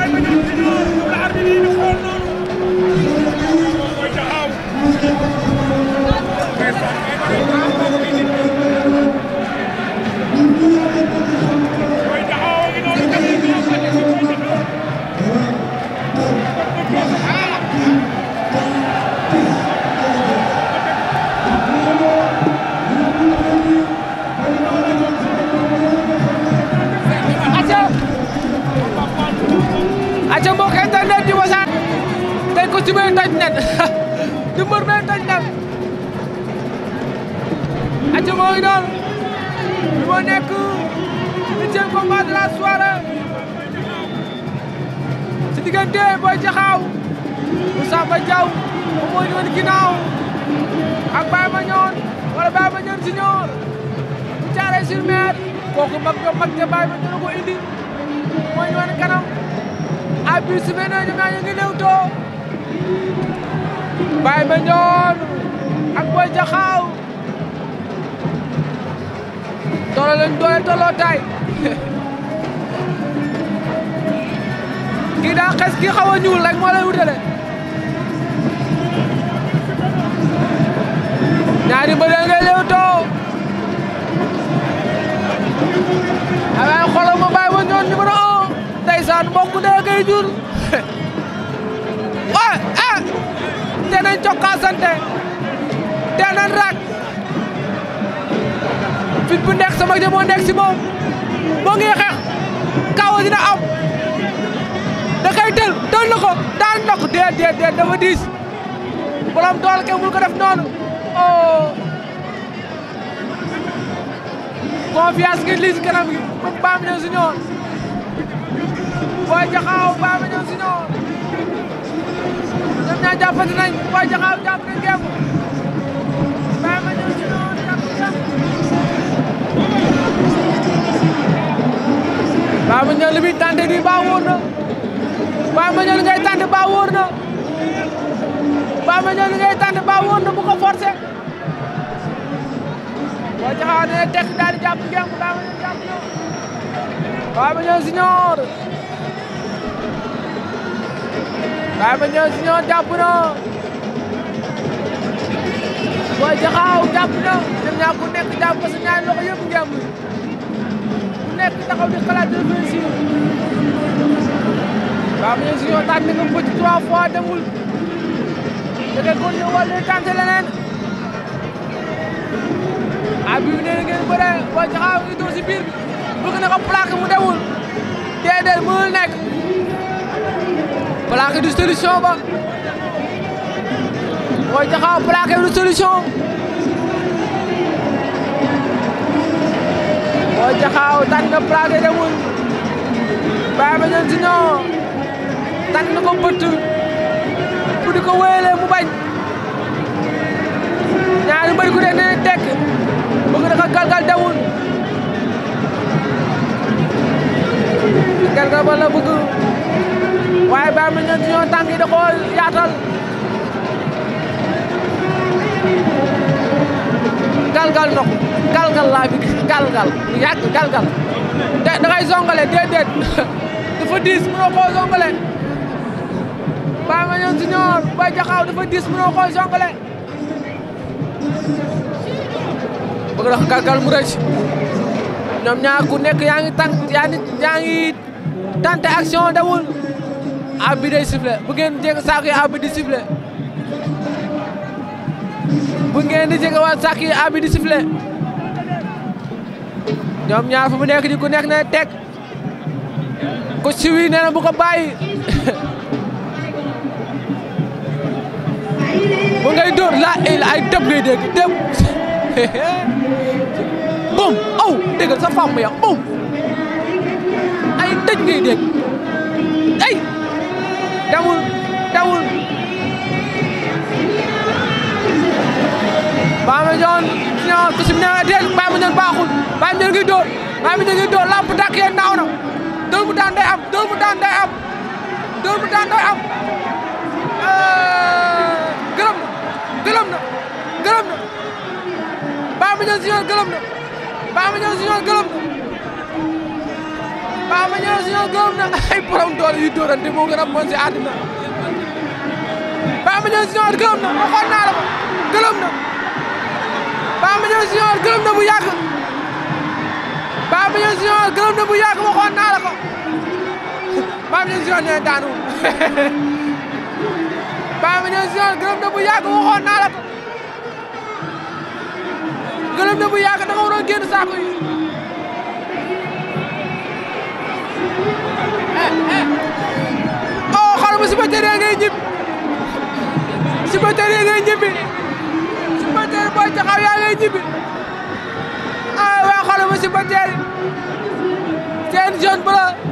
Thank you. di wasaare tey ko ci bay toj net di mbër bay toj net aca moo ngi noonu li moo nekk huitième combat de la soirée si diggante Boy Diakhao Moussa Ba Diaw moom moo ñëwoon ginnaaw ak Baye Ma ñoon wala Baye Ma ñoon si ñoon bu jaaree sur mer kooku mag jo mag te Baye Ma ñoon ko indi moo ñëwoon kanam arbitre sifflé na ñoom ñaar ñu ngi léewtoo Baye Mandione ak Boy Diakhao tolloo tolloo taay kii xes kii xaw a ñuul cokkaasante teel nan raak fit bu nekk sama jë moo nekk si moom moo ngi xeex kawo dina am da koy tël tël na ko daan na ko déet diis borom dool ke mul ko noonu o oh. confiance ngi lii si kanam si ñoon booy jaxaaw baam ñëw si ñoon ñaa jàppante nañ Boy Diakhao jàpp na ngeem bàyyi ma ñëw ci noonu jàpp ngeem bàyyi ma ñëw li muy tànte nii baa wóor na bàyyi ma ñëw li ngay tànte baa wóor na bàyyi ma ñëw li ngay tànte baa wóor na bu ko forcé Boy Diakhao nee na tekk daal di jàpp ngeem bàyyi ma ñëw jàpp ñëw bàyyi ma ñëw si ñoor waaye ba ñëw ñoo jàpp na Boy Jaxaaw jàpp na ñoom ñaar ku nekk jàpp ko sa ñaari loxo yëpp ngemb ku nekk taxaw di xalaat de réussir waaw ba ñëw si ñoo tànn nga ko ci trois fois demul da ngay kon ne wala tànn leneen ah bii nee na ngeen bëre Boy Jaxaaw ngi dóor si biir bi bëgg na ko plaqué mu demul déedéet mënul nekk plaqué du solution ba Boy Diakhao plaqué du solution Boy Diakhao tànn na plaqué demul Baye Mandione Junior tànn na ko bëtt pour di mu bañ ñaari mbër ku nekk nee galgal laa fi gis galgal lu yàgg galgal te da ngay zongale déedéet dafa diis mënoo koo zongale Baye Mandione Junior Boy Diakhao dafa diis mënoo koo zongale bëgg na galgal mu rëcc ñoom ñaar ku nekk yaa ngi tànk yaa yaa ngi tante action dawul ab bi day sifflé bu ngeen jege saako yi ab bi di bu ngeen di jege waat saako yi ab bi ñoom ñaar fu mu nekk di ku nekk na teg ko siwi nee na bu ko bàyyi bu ngay dóor la ay dëb ngay dégg dëb bum aw oh, déggal sa fàmm ya bum ay tëj ngay dégg ay dawul dawul Bama Ndione ñoo te suñu nee deel bàyyi ma ñoon baaxul bàyyi ma ñoon ngi dóor bàyyi ma ñoon ngi dóor lamp tàkk yee naaw na dóor bu daan day am dóor bu daan day am dóor bu daan day am gërëm na gërëm na gërëm na bàyyi ma ñoon si ñoon gërëm na bàyyi ma ñoon si ñoon gërëm na bàyyi ma ñoon si ñoon gërëm na ay borom doole yu dóorante moo gën a mën si àddina bàyyi ma ñoon si ñoon gërëm na waxoon naa la ko gërëm na Papa Mignone Junior gërëm na bu yàgg Papa Mignone Junior gërëm na bu yàgg waxoon naa la ko Papa Mignone Junior nee na bu yàgg waxoon naa la ko gërëm na bu yàgg da nga waroon génn saako yi eh, eh. oh xarum si ba tëree ngay ñibbi booy jaxaw yaa ngay ñibbi ah waa xoolal si ba tey seen jeune bu la.